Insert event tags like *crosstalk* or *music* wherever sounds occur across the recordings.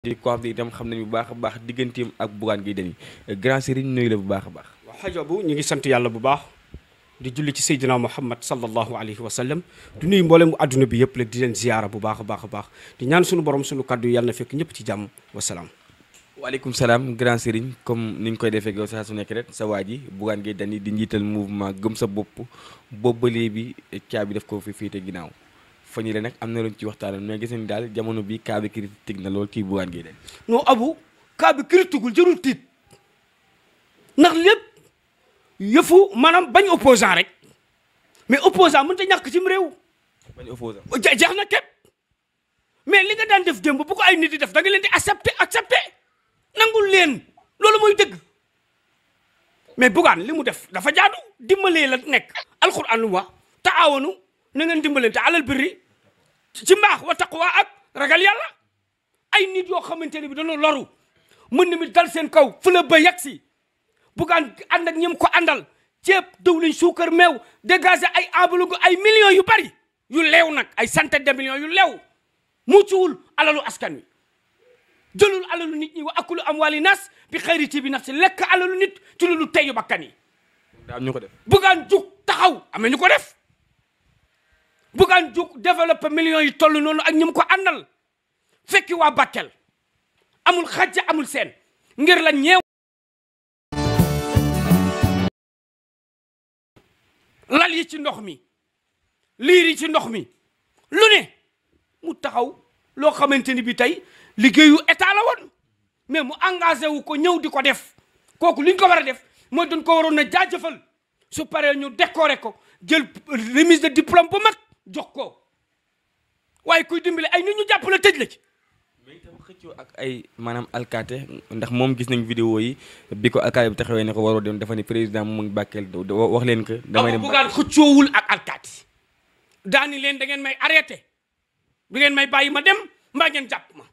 di ko xam ne itam xam nañu bu baax a baax digganteem ak Bougane Gueye Dany grand Serigne nuyu la bu baax a baax waaw xajo bu ñu ngi sant yàlla bu baax di julli ci Seydina Muhammad sallallahu alayhi wa sallam du nuyu mboolem àdduna bi yëpp la di leen ziyaara bu baax a baax a baax di ñaan suñu borom suñu kàddu yàlla na fekk ñëpp ci jàmm wasalaam waaleykum salaam grand Serigne comme ni ñu koy defee yow saa su nekk rek sa waa ji Bougane Gueye Dany di njiital mouvement gëm sa bopp boobalee bi caabi daf ko fi féete ginnaaw fa ñu le nag am na luñ ci waxtaanal mais gis nañ daal jamono bii cas bi critique na lool kii bugaan gi de. non abu cas bi critiqueul jarul tiit ndax lépp yëfu maanaam bañ opposant rek mais opposant mënut a ñàkk cim réew. bañ opposant jeex na képp mais li nga daan def démb bu ko ay nit def da nga leen di accepté accepté nangul leen loolu mooy dëgg. mais bugaan li mu def dafa jaadu dimbalee la nekk alxuraan lu wax na ngeen dimbalante alal birri ci mbaax wa taqwa ak ragal yàlla ay nit yoo xamante ne bi dañoo loru mën na mi dal seen kaw fu ba yegg si bugaan ànd ak ko àndal ceeb dëwlin suukar meew dégagé ay enveloppe ay million yu bari yu leew nag ay santa de millions yu mu muccuwul alalu askan wi jëlul alalu nit ñi wa akulu amwaali nas bi xayriti bi nafsi lekk alalu nit ci lu lu teyu bakkan yi. daa ñu ko def bugaan jug taxaw am na ñu ko def. Bougane jóg développé millions yi toll noonu ak ñum ko àndal fekki waa Bakel amul xajja amul seen ngir la ñeew lal yi ci ndox mi liir ci ndox mi lu ne mu taxaw loo xamante ni bi tey liggéeyu état la woon mais mu engagé wu ko ñëw di ko def kooku li ñu ko war a def mooy doon ko waroon na jaajëfal su paree ñu décorer ko jël remise de diplôme bu mag jox ko waaye kuy dimbale ay nit ñu jàppale tëj la ci. mais itam xëccoo ak ay maanaam alkaate ndax moom gis nañ vidéo yi bi ko alkaate bi taxawee ne ko waroo dem dafa ne président mu ngi bàkkeel wax leen que. damay dem bàkkeel xëccoowul ak alkaate daani leen da ngeen may arrêté du ngeen may bàyyi ma dem mbaa ngeen jàpp ma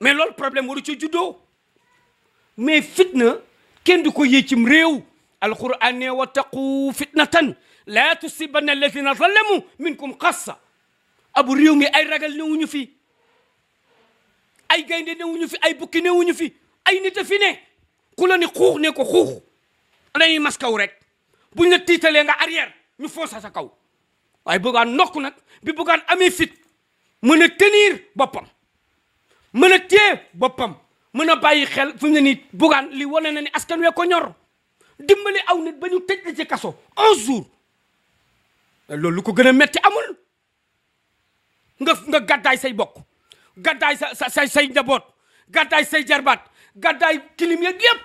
mais loolu problème waru ci juddoo mais fitna kenn du ko yéey cim réew. alquran ne wattaqu fitnatan laa tusibanna alladina zalamu minkum xassa abu réew mi ay ragal newuñu fi ay gaynde newuñu fi ay bukki newuñu fi ay nit a fi ne ku la ni xuux ne ko xuux dañuy maskaw rek buñ la tiitalee nga arrière ñu foosa sa kaw waaye bëggaan nokk nag bi bëggaan amee fit mën a tenir boppam mën a téye boppam mën a bàyyi xel fu mu ne nii bëggaan li wane na ni askan wee ko ñor dimbali aw nit ba ñu tëj ci kaso onze jours loolu lu ko gën a metti amul nga nga gàddaay say bokk gàddaay sa sa say say njaboot gàddaay say jarbaat gàddaay kilim yeeg yëpp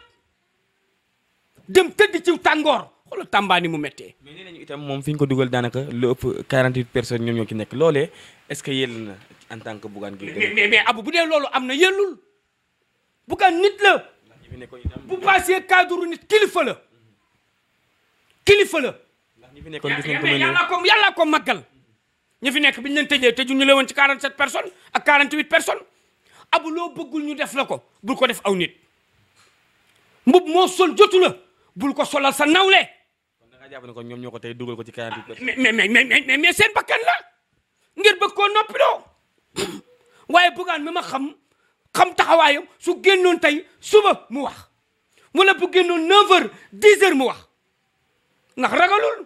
dem tëdd ci tàngoor xoolal tàmbaani mu mette mais nee nañu itam moom fi ñu ko dugal daanaka lu ëpp 48 personnes ñoom ñoo ci nekk loole est que yell na en tant que Bougane gi mais mais abu bu dee loolu am na yellul Bougane nit la. bu passé cadre nit kilifa la kilifa la. yàllaa ko yàllaa ko màggal. ñu fi nekk bi ñu leen tëjee te ñu la woon ci 47 personnes ak 48 personnes abu loo bëggul ñu def la ko bu ko def aw nit mbub moo sol jotu la bul ko solal sa nawle. kon da ngaa jàpp ne ñoom ñoo ko tey ko ci 48 ah, personnes. mais mais mais mais seen bakkan la ngir bëgg koo noppi doo *coughs* waaye bugaan mi ma xam. xam taxawaayam su génnoon tey suma mu wax mu bu génnoon 9h mu wax ndax ragalul.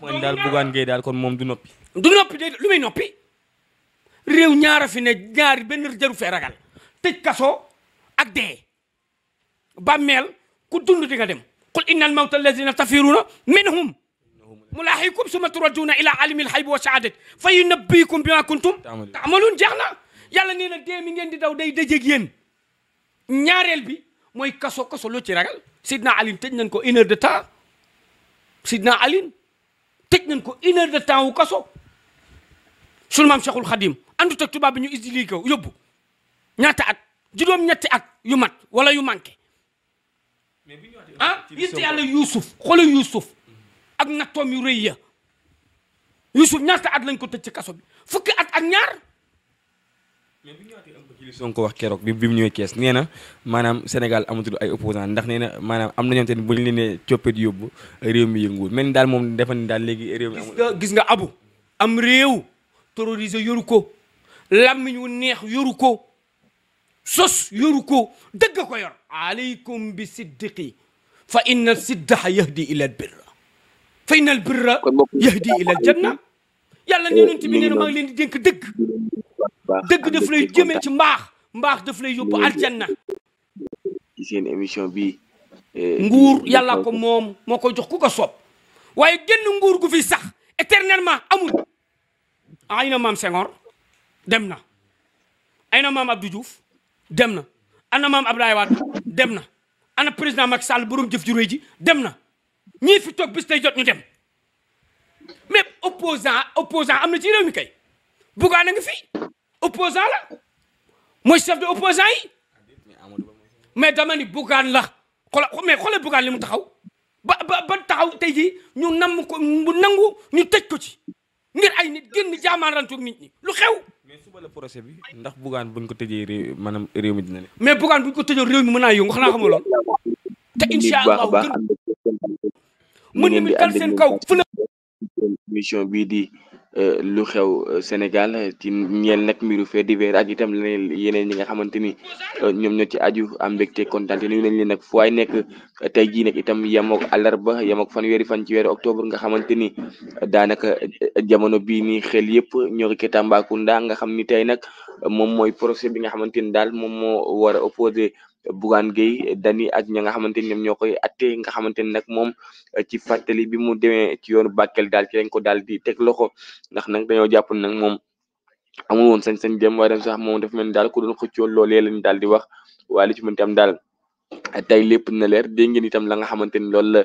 kon jàpp daal kon moom du noppi. du noppi de lu may noppi réew ñaara fi ne ñaari benn jaru fee ragal tëj kaso ak dee bàmmeel ku dund di nga dem. qul inna al mawta alladina tafiruna minhum mulaaxikum suma turadduuna ila alimi alxaybi wa shahaadat fa yunabbikum bima kuntum taamaluun jeex na. yàlla nee na dee mi ngeen di daw day dajeeg yéen ñaareel bi mooy kaso kaso loo ci ragal Sidna Aline tëj nañ ko une heure de temps Sidna Aline tëj nañ ko une heure de kaso sunu maam Cheikhul Khadim àndut ak tubaab bi ñu isili ko yóbbu ñaata at juróom ñetti at yu mat wala yu manqué ah yitte yàlla Yuusuf xoolal Yuusuf ak nattoom yu rëy ya Yuusuf ñaata at lañ ko tëj ci kaso bi fukki at ak ñaar mais bu ñu ñëwaatee un peu ci li wax keroog bi bi mu ñëwee kees nee na maanaam Sénégal amatul ay opposants ndax nee na maanaam am na ñoo xam ne bu ñu leen nee coppet yóbbu réew mi yënguwul mel ni daal moom dafa ni daal léegi réew mi gis nga gis abu am réew terrorisé yoru ko làmmiñ wu neex yoru ko sos yoru ko dëgg ko yor aleykum bi siddiqi fa inna siddaha yahdi ila albirra fa inna albirra yahdi ila aljanna yàlla ne yonent bi nee na maa ngi leen di dénk dëgg dëgg daf lay ci mbaax mbaax daf lay yóbbu aljanna ci émission bi eh, nguur yàlla ko moom moo ko jox ku ko soob waaye génn nguur gu fi sax éternellement amul ah, ay na maam Senghor dem na ay na maam Abdou Diouf dem na ana maam Abdoulaye Wade dem na ana président Macky Sall borom jëf ju ji dem na ñii fi toog bis jot ñu dem mais opposant opposant am na ci réew mi kay Bougane a ngi fi opposant la mooy chef de opposant yi mais dama ni Bougane la xoola mais xoola Bougane li mu taxaw ba ba ba taxaw tey jii ñu namm ko mu nangu ñu tëj ko ci ngir ay nit génn jaamaarantu nit ñi lu xew. mais suba la procès bi ndax Bougane buñ ko tëjee réew maanaam réew mi dina ne. mais Bougane buñ ko tëjee réew mi mën naa yëngu xanaa xam nga loolu. te incha allah seen kaw fu la émission bii di euh, lu xew euh, Sénégal tii ñeel nag mbiru fait divers ak itam leneen yeneen ñi nga xamante ni euh, ñoom ñoo ci aju am mbégte kontaan te nuyu nañ leen nag fu waay nekk tey jii nag itam yemook àllarba yemook fanweeri fan ci weeru octobre nga xamante ni daanaka jamono bii nii xel yëpp ñoo ke Tambacounda nga xam ni tey nag moom mooy procès bi nga xamante ni daal moom moo war a opposé Bougane Gueye Dany ak ña nga xamante ni ñoom ñoo koy atte nga xamante ni nag moom eh, ci fàttali bi mu demee ci yoonu Bakel daal ci lañ ko daal di teg loxo ndax nag dañoo jàpp nag moom amul woon sañ-sañ dem waaye dem sax moom daf mel ni daal ku doon xëccoo loolee lañ daal di wax waaye li ci mënti am daal tey lépp na leer dégg ngeen la nga xamante ni loolu la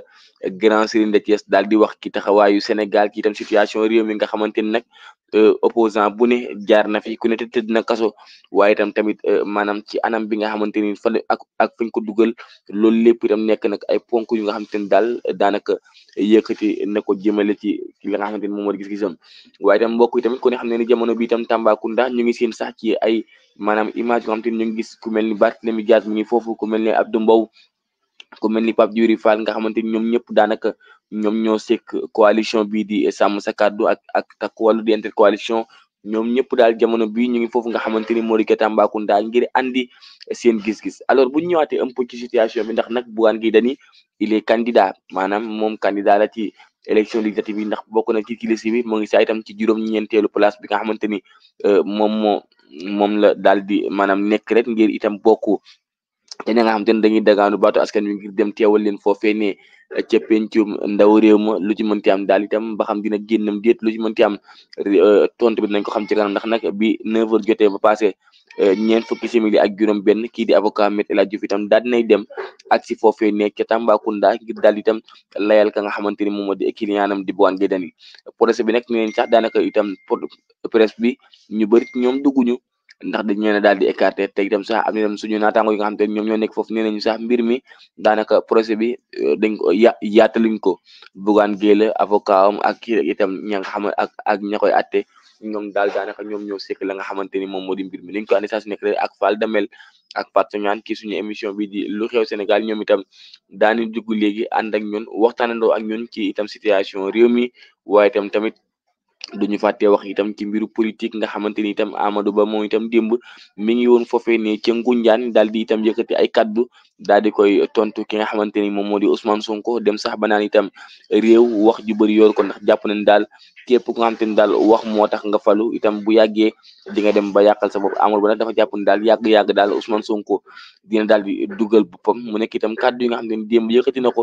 grand serigne de Thiès daal di wax ki taxawaayu Sénégal ki itam situation réew mi nga xamante ni nag euh, opposant bu ne jaar na fi ku ne tëdd na kaso waaye tam tamit euh, maanaam ci anam bi nga xamante ni fa ak ak fañ ko dugal loolu lépp tam nekk nag ay ponk yu nga xamante ni daal daanaka yëkkati na ko jëmale ci la nga xamante ni moom war gis-gisam waaye itam tamit ku ne xam bi itam Tambacounda ñu ngi seen sax ci maanaam image yoo xam te ni ñu ngi gis ku mel ni Barthélemy Dias mi ngi foofu ku mel ni Abdou Mbow ku mel ni Pape Djibril Fall nga xamante ni ñoom ñëpp daanaka ñoom ñoo sekk coalition bii di sàmm sa kàddu ak ak takku wàllu di intercoalition ñoom ñëpp daal jamono bii ñu ngi foofu nga xamante ni moo di Tambacounda ngir andi seen gis-gis alors bu ñu ñëwaatee un ci situation bi ndax nag Bougane Gueye Dany il est candidat maanaam moom candidat la ci élection législative yi ndax bokk na ci kilisi bi moo ngi saa itam ci juróom-ñeenteelu place bi nga xamante ni euh, moom moo. moom la daal di maanaam nekk rek ngir itam bokku te ña xam te ne dañuy dagaanu baatu askan wi ngir dem teewal leen foofee ne eh, ca pencum ndaw réew ma lu ci mënti am daal itam ba xam dina génnam déet lu ci mënti am eh, tontu bi dinañ ko xam ci kanam ndax nag bi 9 heures jotee ba passé ñeent fukki simili ak juróom benn kii di avocat Me El Hadji Diouf itam daal dinay dem ak si foofee ne ca Tambacounda ngir daal itam layal ka nga xamante ni moom moo di clientam di Bougane Gueye Dany procès bi nag nee nañ sax daanaka itam presse bi ñu bëri ñoom dugguñu ndax dañ leen a daal di écarté te itam sax am na suñu naataango yi nga xam te ñoom ñoo nekk foofu nee nañu sax mbir mi daanaka procès bi euh, dañ ko ya yaataluñ ko Bougane Gueye la avocat am ak kii itam ña nga ak ak ña koy ñoom daal daanaka ñoom ñoo sekk la nga xamante ni moom moo di mbir mi niñ ko andi saa su nekk rek ak Fall ak Fatou Niane ki émission bi di lu xew Sénégal ñoom itam daani dugg léegi ànd ak ñun waxtaanandoo ak ñun ci itam situation réew mi waaye itam tamit duñu fàttee wax itam ci mbiru politique nga xamante ni itam Amadou Ba moom itam démb mi ngi woon foofee ne ca Ngunjaan daal di itam yëkkati ay kaddu daal di koy tontu ki nga xamante ni moom moo di Ousmane Sonko dem sax ba naan itam réew wax ju bëri yor ko ndax jàpp nañ daal képp ku nga xamante ni daal wax moo tax nga falu itam bu yàggee di nga dem ba yàqal sa bopp amul ba nag dafa jàpp daal yàgg-yàgg daal Ousmane Sonko dina daal di dugal boppam mu nekk itam kàddu yi nga xamante ni démb yëkkati na ko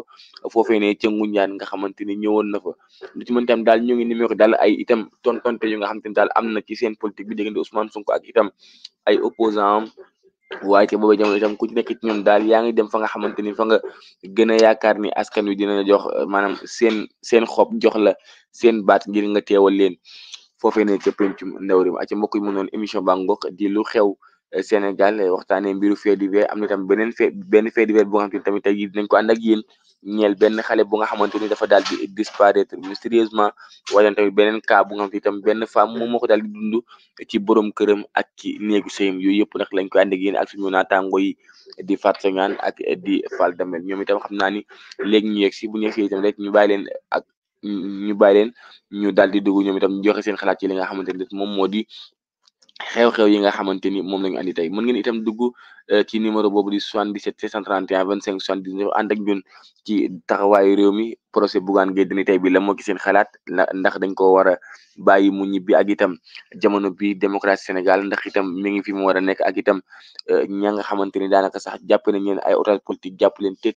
foofee ne cëngu ñaan nga xamante ni ñëwoon na fa lu mën itam daal ñu ngi numéro daal ay itam tontonte yu nga xamante ni daal am na ci seen politique bi diggante Ousmane Sonko ak itam ay opposant am waaye te booba jamono itam ku ci nekk ci ñoom daal yaa ngi dem fa nga xamante ni fa nga gën a yaakaar ni askan wi dina la jox eh, maanaam seen seen xob jox la seen baat ngir nga teewal leen foofee ne ca pencum ndaw réew mi aca mbokk yi mu noonu émission baa ngoog di lu xew Sénégal waxtaanee mbiru fait divers am na tam beneen fait benn fait divers bu nga tamit tey dinañ ko ànd ak yéen ñeel benn xale bu nga xamante ni dafa daal di disparaître mystérieusement waaye tamit beneen cas bu nga xamante ni tamit benn femme moom moo ko daal di dund ci borom këram ak ci néegu sëyam yooyu yëpp nag lañ ko ànd ak yéen ak suñu naataango yi di Fatou Sengane ak di Fall Damel ñoom itam xam naa ni léegi ñu si bu ñu yegg si itam rek ñu bàyyi leen ak ñu bàyyi leen ñu daal di dugg ñoom itam joxe seen xalaat ci li nga xamante ni moom moo di xew-xew yi nga xamante ni moom lañu andi tey mën ngeen itam dugg eh, ci numéro boobu di 77 631 25 79 ànd ak ñun ci taxawaayu réew mi procès Bougane Gueye Dany tey bi la moo ci seen xalaat ndax dañ ko war a bàyyi mu ñibbi ak itam jamono bi démocratie Sénégal ndax itam mi ngi fi mu war a nekk ak itam eh, ña nga xamante ni daanaka sax jàpp nañ leen ay politique jàpp leen